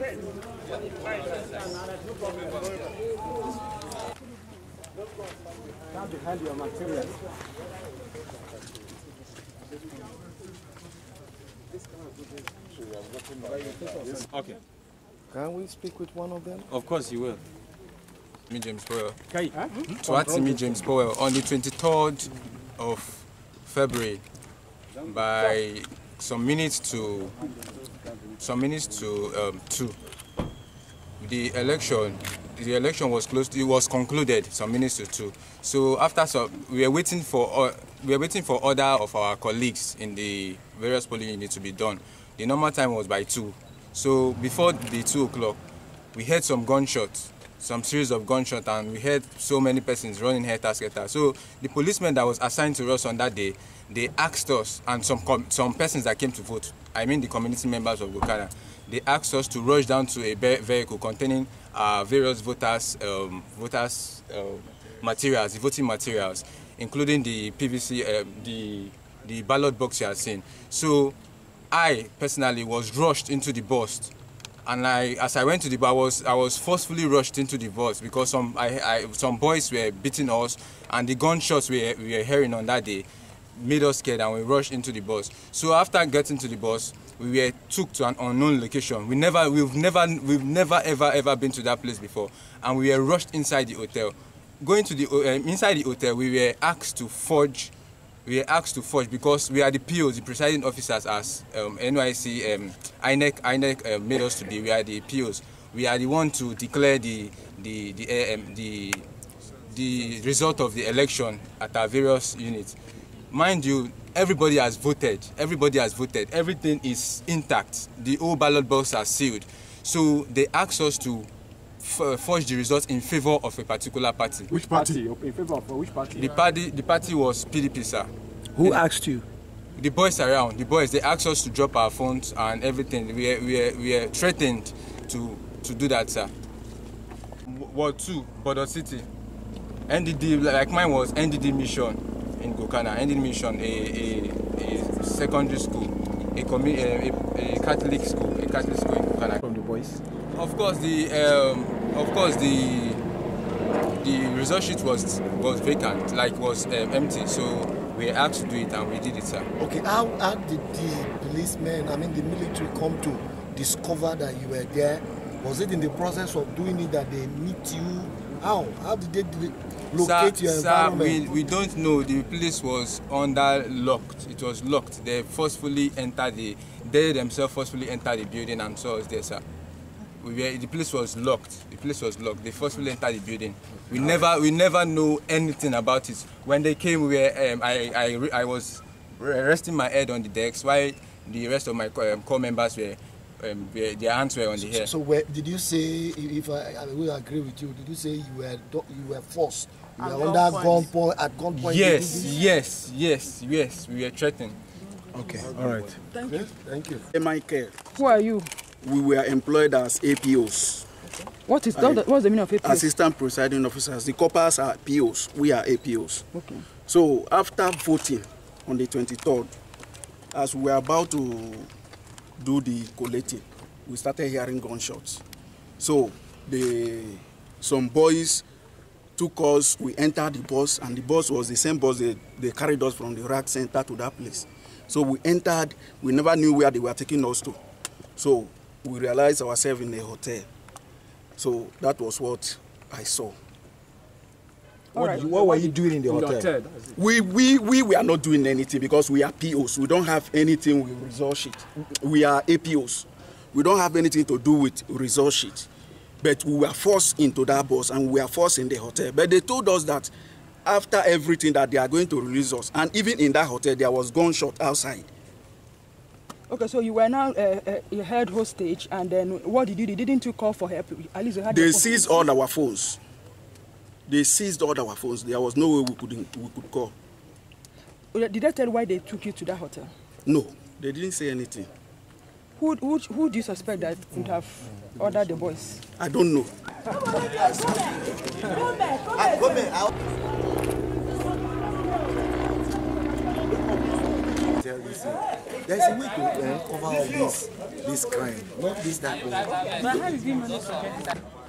can behind your material. Okay. Can we speak with one of them? Of course you will. Me James Powell. Okay. Huh? Hmm? To ask me James Powell on the 23rd of February by some minutes to some minutes to um, two. The election, the election was closed. It was concluded some minutes to two. So after some, we are waiting for uh, we are waiting for order of our colleagues in the various polling units to be done. The normal time was by two. So before the two o'clock, we heard some gunshots some series of gunshot and we heard so many persons running helter skelter. So the policemen that was assigned to us on that day, they asked us and some some persons that came to vote, I mean the community members of Gokana, they asked us to rush down to a vehicle containing uh, various voters um, voters uh, materials, voting materials, including the PVC, uh, um, the the ballot box you have seen. So I personally was rushed into the bus and I, as I went to the bar, I was, I was forcefully rushed into the bus because some, I, I, some boys were beating us, and the gunshots we, we were hearing on that day made us scared, and we rushed into the bus. So after getting to the bus, we were took to an unknown location. We never, we've never, we've never ever ever been to that place before, and we were rushed inside the hotel. Going to the uh, inside the hotel, we were asked to forge we are asked to forge because we are the POs, the presiding officers, as um, NYC, um, INEC, INEC uh, made us to be. We are the POs. We are the one to declare the the the, eh, um, the the result of the election at our various units. Mind you, everybody has voted. Everybody has voted. Everything is intact. The old ballot box are sealed. So they asked us to Forge the results in favor of a particular party. Which party? In favor of which party? The party, the party was PDP, sir. Who and asked you? The boys around, the boys, they asked us to drop our phones and everything. We are, we are, we are threatened to, to do that, sir. World 2, Border City. NDD, like mine was NDD Mission in Gokana. NDD Mission, a, a, a secondary school, a, a, a Catholic school, a Catholic school in From the boys? Of course, the um, of course the the result sheet was was vacant like was um, empty so we had to do it and we did it sir. okay how how did the policemen i mean the military come to discover that you were there was it in the process of doing it that they meet you how how did they locate sir, your sir, environment. sir we we don't know the place was under locked it was locked they forcefully entered the they themselves forcefully entered the building and saw us there sir we were the place was locked the place was locked they forcefully entered the building we okay. never we never know anything about it when they came we were um, I, I I was resting my head on the decks while the rest of my um, core members were um, their hands were on the so, hair. So, so where, did you say if I, I will agree with you? Did you say you were you were forced? You at were under gunpoint at gunpoint. Yes, yes, yes, yes. We were threatened. Okay, all right. Thank you. Thank you. Hey, Michael. Who are you? we were employed as APOs. What is that, what's the meaning of APOs? Assistant presiding officers. The coppers are POs. We are APOs. Okay. So after voting on the 23rd, as we were about to do the collating, we started hearing gunshots. So the some boys took us, we entered the bus, and the bus was the same bus they, they carried us from the rack center to that place. So we entered, we never knew where they were taking us to. So we realized ourselves in a hotel. So that was what I saw. what, right. you, what were you doing in the hotel? hotel we, we, we were not doing anything because we are POs. We don't have anything with resource sheet. We are APOs. We don't have anything to do with resource sheet. But we were forced into that bus and we were forced in the hotel. But they told us that after everything that they are going to release us, and even in that hotel, there was gunshot outside. Okay, so you were now uh, uh, held hostage, and then what did you do? Didn't you call for help? At least you had. They seized all our phones. They seized all our phones. There was no way we could we could call. Did they tell why they took you to that hotel? No, they didn't say anything. Who who who do you suspect that would have ordered the boys? I don't know. There's a way to uh, cover all this, this crime, not this, that. But how is he managed to get that?